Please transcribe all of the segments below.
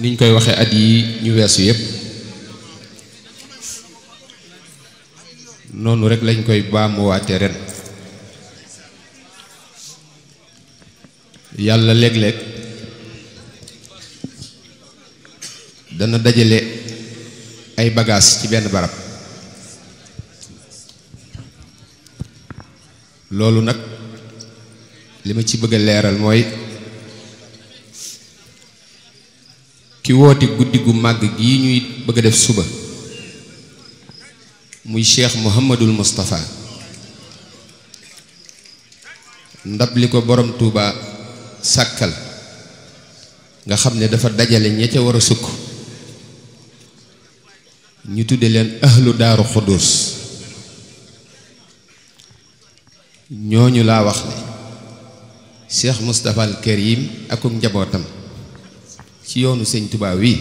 niñ koy waxee at yi ñu weesu yépp noonu rek lañ koy baamuwaate ren yàlla léeg-léeg dana dajale ay bagaas ci benn barab loolu nag li ma ci bëgg leeral mooy ki woote guddi gu màgg gi ñuy bëgg a def suba muy cheikh Mouhamadul Moustapha ndab li ko borom Touba sàkkal nga xam ne dafa dajale ña ca war a sukk ñu tudde leen ahlu daaru xudduus ñooñu laa wax ne cheikh Moustapha al Karim ak njabootam. ci yoonu sëñ Tuubaa wi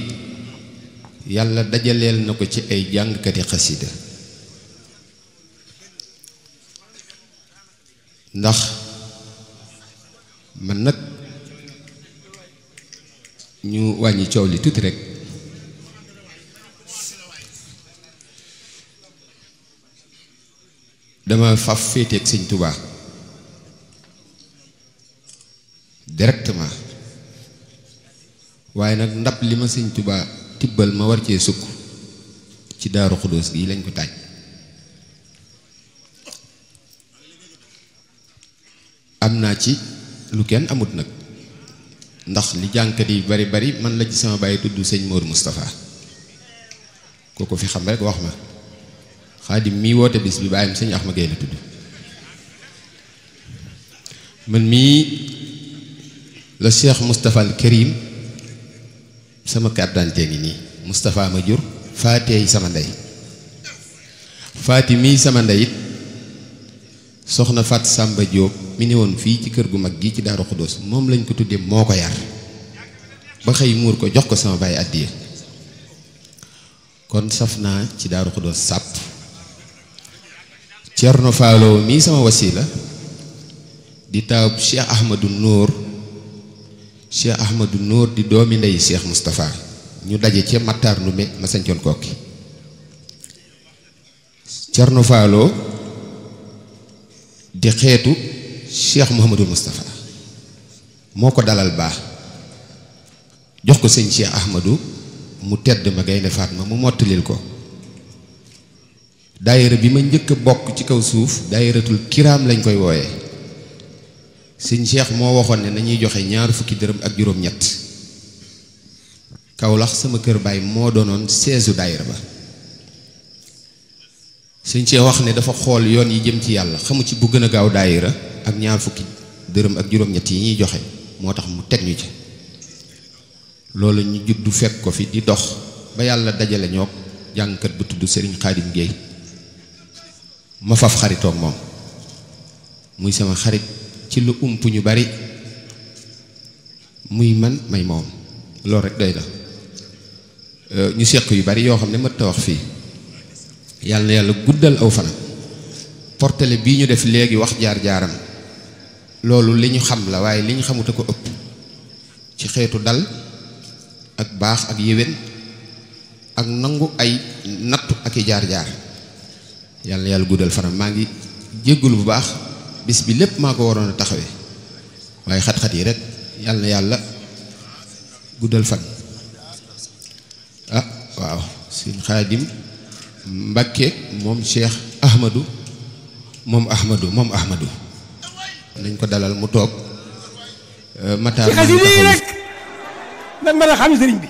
yàlla dajaleel na ko ci ay jàngkati xasida ndax man nag ñu wàññi coow li tuuti rekk dama faf féeteeg sëñ Tuubaa directement waaye nag ndab li ma sëñ Tuubaa tibbal ma war cee sukk ci daaru xudóos gi lañ ko taaj am naa ci lu kenn amut nag ndax li jànkat yi bari bari man la ci sama sëñ Mor Moustapha fi xam rek wax ma xaadim mii woote bis bi bàyyam sëñ Axma Gay la la Cheikh Moustapha al Karim sama carte dan ini mustafa Mustafa Majur jur sama ndey Faati sama ndey Sohna soxna Fat Samba job mi ni won fi ci keur gu mag gi ci daru khodos mom lañ ko tuddé moko yar ba xey mur ko jox ko sama baye addiya kon safna ci sap khodos sap Cerno falo mi sama wasila di taw Cheikh Ahmadou Nour Cheikh Ahmadou Nour di doomi ndeyu Cheikh Moustapha ñu daje ca Matar Ndume ma sañcoon kokki Cerno Faalo di xeetu Cheikh Mouhamadou Moustapha moo ko dalal baax jox ko sëñ Cheikh Ahmadou mu tedd ma gaynde ma mu mottalil ko daayira bi ma njëkk bokk ci kaw suuf daayiratul kiraam lañ koy wooyee sëñ Cheikh moo waxoon ne nañuy joxe ñaar fukki dërëm ak juróom-ñett Kawlax sama kër baay moo doonoon seesu daayira ba sëñ Cheikh wax ne dafa xool yoon yi jëm ci yàlla xamu ci bu gën a gaaw daayira ak ñaar fukki dërëm ak juróom-ñett yi ñuy joxe moo tax mu teg ñu ci loolu ñu juddu fekk ko fi di dox ba yàlla dajale ñoo jàngkat bu tudd Serigne Khadim Gueye ma faf xaritoog moom muy sama xarit. ci lu ump ñu bari muy man may moom loolu rek doy na euh, ñu seq yu bari yoo xam ne mën ta wax fii yàlla na yàlla guddal aw fanam portale bii ñu def léegi wax jaar-jaaram loolu li ñu xam la waaye li ñu xamut a ko ëpp ci xeetu dal ak baax ak yéwén ak nangu ay natt ak i jaar-jaar yàlla na yàlla guddal fanam maa ngi jéggul bu baax bis bi lépp maa ko waroon a taxawee waaye xat-xat yi rek yàlla na yàlla guddal fan ah waaw sëñ xaadim Mbàkke moom Cheikh Ahmadou moom Ahmadou moom Ahmadou dañ ko dalal mu toog mataar ci xas yi rek lan mën a xam sëriñ bi